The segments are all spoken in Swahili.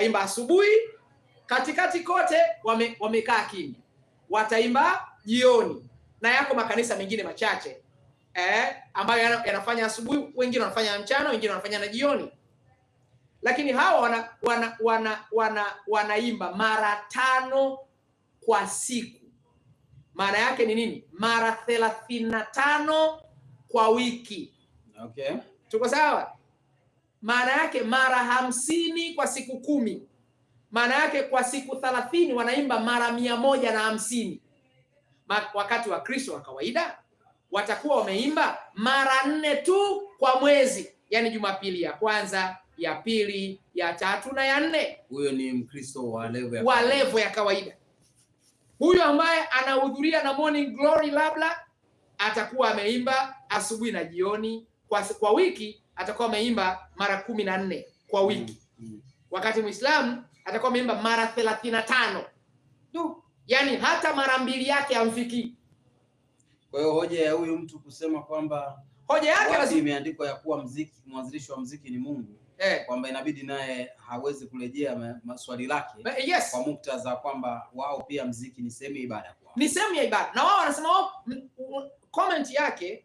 Wataimba asubuhi, katikati kote wamekaa wame kimya, wataimba jioni, na yako makanisa mengine machache eh, ambayo yanafanya asubuhi, wengine wanafanya mchana, wengine wanafanya na jioni, lakini hawa wana wana wana wana wanaimba mara tano kwa siku. Maana yake ni nini? Mara thelathini na tano kwa wiki. Okay, tuko sawa? maana yake mara hamsini kwa siku kumi, maana yake kwa siku thalathini wanaimba mara mia moja na hamsini. Wakati wa Kristo wa kawaida watakuwa wameimba mara nne tu kwa mwezi, yani Jumapili ya kwanza, ya pili, ya tatu na ya nne. Huyo ni Mkristo wa levo ya, wa levo ya kawaida. Huyo ambaye anahudhuria na Morning Glory labda atakuwa ameimba asubuhi na jioni kwa, kwa wiki atakuwa ameimba mara kumi na nne kwa wiki mm, mm. wakati Muislamu atakuwa ameimba mara thelathini na tano tu, yani hata mara mbili yake hamfikii. Kwa hiyo hoja ya huyu mtu kusema kwamba hoja yake imeandikwa ya kuwa mziki mwanzilishi wa mziki ni Mungu eh, kwamba inabidi naye hawezi kurejea maswali lake yes, kwa muktadha kwamba wao pia mziki ni sehemu ya ibada kwao, ni sehemu ya ibada, na wao wanasema wao, oh, comment yake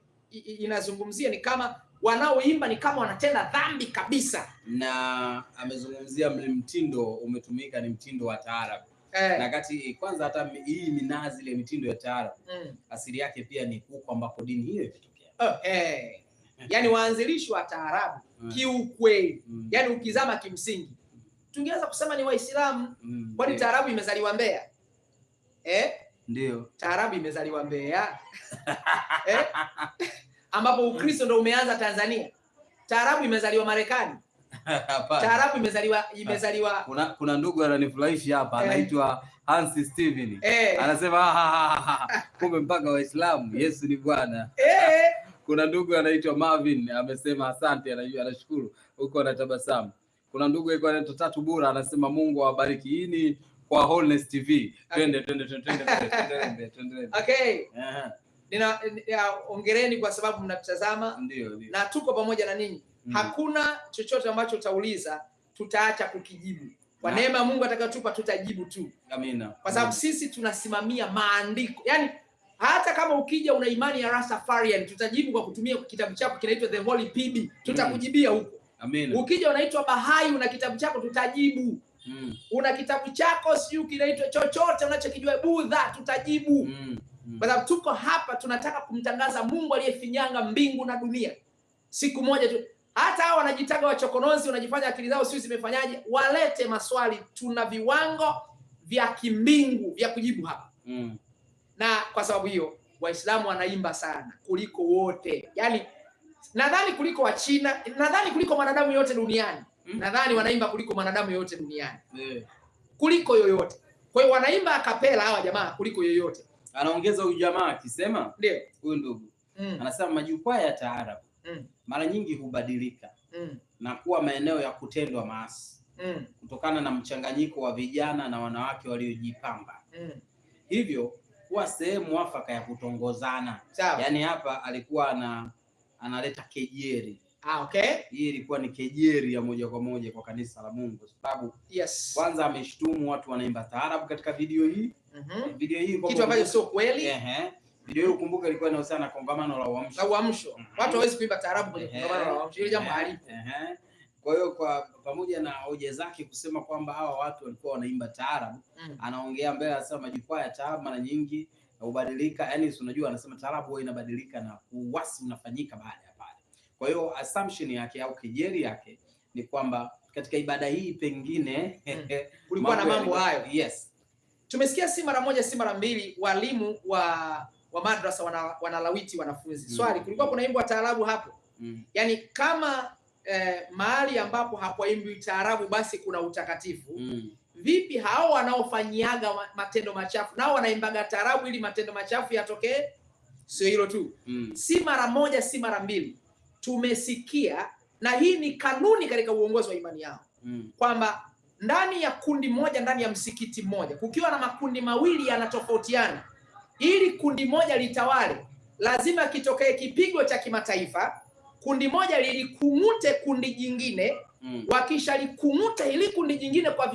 inazungumzia ni kama wanaoimba ni kama wanatenda dhambi kabisa. Na amezungumzia mle mtindo umetumika ni mtindo wa taarabu eh. Na kati kwanza hata hii minazi ile mitindo ya taarabu mm. asili yake pia ni huko ambapo dini hiyo imetokea oh, eh. Yaani waanzilishi wa taarabu eh. kiukweli mm. yaani ukizama kimsingi tungeweza kusema ni Waislamu mm. kwani taarabu imezaliwa Mbeya eh? Ndio, taarabu imezaliwa Mbeya eh? ambapo Ukristo ndio umeanza Tanzania. Taarabu imezaliwa Marekani. Taarabu imezaliwa imezaliwa. Kuna, kuna ndugu ananifurahishi hapa eh. anaitwa eh, Hans Steven eh, anasema ha, ah, ah, ha, ah, ha, ha. Kumbe mpaka Waislamu Yesu ni Bwana eh. Kuna ndugu anaitwa Marvin amesema asante, anajua anashukuru huko anatabasamu. Kuna ndugu yuko anaitwa Tatu Bura anasema Mungu awabariki. Hii ni kwa Holiness TV. Twende twende twende twende twende. twende, Okay ongereni kwa sababu mnatutazama na tuko pamoja na ninyi mm. Hakuna chochote ambacho utauliza tutaacha kukijibu kwa neema ya Mungu atakayotupa tutajibu tu. Amina. Kwa sababu mm. sisi tunasimamia maandiko, yani hata kama ukija una imani ya Rastafarian tutajibu kwa kutumia kitabu chako kinaitwa The Holy Bible, tutakujibia mm. huko. Amina. Ukija unaitwa Bahai una kitabu chako tutajibu. Mm. Una kitabu chako siyo kinaitwa chochote unachokijua Budha tutajibu. Mm. Mm. kwa sababu tuko hapa tunataka kumtangaza Mungu aliyefinyanga mbingu na dunia. Siku moja tu, hata hao wanajitaga wachokonozi, wanajifanya akili zao sio zimefanyaje, walete maswali. Tuna viwango vya kimbingu vya kujibu hapa mm. na kwa sababu hiyo Waislamu wanaimba sana kuliko wote, yaani nadhani kuliko Wachina, nadhani kuliko mwanadamu yote duniani mm. nadhani wanaimba kuliko mwanadamu yote duniani mm. kuliko yoyote. Kwa hiyo wanaimba akapela hawa jamaa kuliko yoyote anaongeza huyu jamaa akisema, ndio huyu ndugu mm. anasema majukwaa ya taarabu mm. mara nyingi hubadilika mm. na kuwa maeneo ya kutendwa maasi mm. kutokana na mchanganyiko wa vijana na wanawake waliojipamba mm. hivyo kuwa sehemu mwafaka ya kutongozana. Yani hapa alikuwa ana, analeta kejeri Ah, okay. Hii ilikuwa ni kejeri ya moja kwa moja kwa kanisa la Mungu kwa sababu yes. Kwanza ameshtumu watu wanaimba taarabu katika video hii mm -hmm. Video hii kitu ambacho sio kweli. Ehe. Video hii ukumbuka ilikuwa inahusiana na kongamano la uamsho. La uamsho. Mm -hmm. Watu hawezi kuimba taarabu kwenye kongamano la uamsho. Ile jambo halipo. Ehe. Kwa hiyo kwa pamoja na hoja zake kusema kwamba hawa watu walikuwa wanaimba taarabu mm. Anaongea mbele anasema majukwaa ya taarabu mara nyingi hubadilika, yaani unajua anasema taarabu huwa inabadilika na uwasi unafanyika baada kwa hiyo assumption yake au kejeli yake ni kwamba katika ibada hii pengine hmm. kulikuwa na mambo hayo. Yes, tumesikia si mara moja si mara mbili walimu wa wa madrasa wana, wanalawiti wanafunzi mm. Swali, kulikuwa kuna imbo taarabu hapo mm. Yaani kama eh, mahali ambapo hakwaimbi taarabu basi kuna utakatifu mm. Vipi hao wanaofanyiaga matendo machafu nao wanaimbaga taarabu ili matendo machafu yatokee? Sio hilo tu mm. Si mara moja si mara mbili tumesikia, na hii ni kanuni katika uongozi wa imani yao mm. kwamba ndani ya kundi moja, ndani ya msikiti mmoja, kukiwa na makundi mawili yanatofautiana, ili kundi moja litawale, lazima kitokee kipigo cha kimataifa, kundi moja lilikung'ute kundi jingine mm. wakishalikung'uta ili kundi jingine kwa